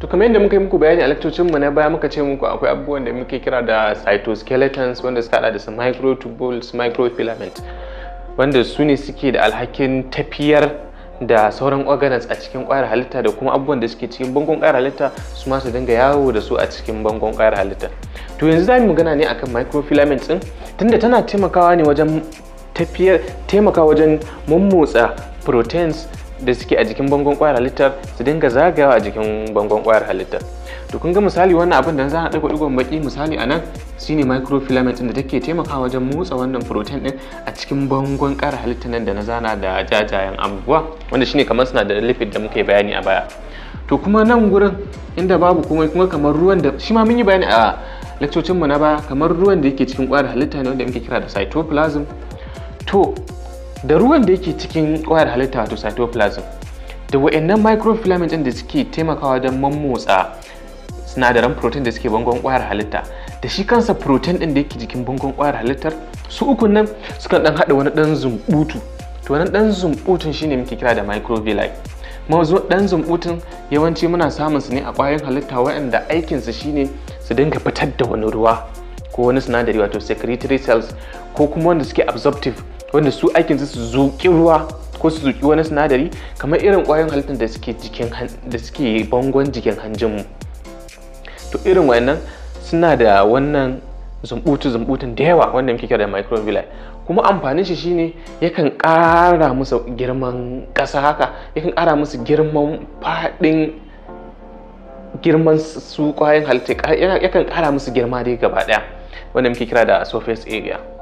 To kamar yadda muka yi muku bayani a lakcocin mu na baya muka ce muku akwai abubuwan da muke kira da cytoskeletons wanda suka hada da su microtubules, microfilament wanda su ne suke da alhakin tafiyar da sauran organs a cikin ƙwayar halitta da kuma abubuwan da suke cikin bangon ƙwayar halitta su ma su dinga yawo da su a cikin bangon ƙwayar halitta. To yanzu za mu magana ne akan microfilament din tunda tana taimakawa ne wajen tafiyar taimakawa wajen mummotsa proteins da suke a jikin bangon kwayar halittar su dinga zagayawa a jikin bangon kwayar halittar to kun ga misali wannan abin da za a ɗaga ɗigon baki misali a nan shine microfilament da take taimakawa wajen motsa wannan protein din a cikin bangon kwayar halittar nan da na zana da jajayen abubuwa wanda shine kamar suna da lipid da muka yi bayani a baya to kuma nan gurin inda babu komai kuma kamar ruwan da shi ma mun yi bayani a lakcocinmu na baya kamar ruwan da yake cikin kwayar halitta ne wanda muke kira da cytoplasm to da ruwan da yake cikin kwayar halitta wato cytoplasm da wa'annan microfilament din da suke taimakawa don mammotsa sinadaran protein da suke bangon ƙwayar halitta da shi kansa protein din da yake jikin bangon kwayar halittar su ukun nan sukan dan haɗa wani ɗan zumbutu to wani ɗan zumbutun shine muke kira da microvilli mazo ɗan zumbutun yawanci muna samun su ne a ƙwayoyin halitta waɗanda su shine su dinga fitar da wani ruwa ko wani sinadari wato secretory cells ko kuma wanda suke absorptive wanda su aikin su zuƙi ruwa ko su zuƙi wani sinadari kamar irin ƙwayoyin halittar da suke jikin da suke bangon jikin mu to irin wannan suna da wannan zumbutu zumbutun da yawa wanda muke kira da microvilli kuma amfanin shi shine yakan ƙara musu girman ƙasa haka yakan ƙara musu girman faɗin girman su ƙwayoyin halittar. yakan ƙara musu girma dai gaba ɗaya wanda muke kira da surface area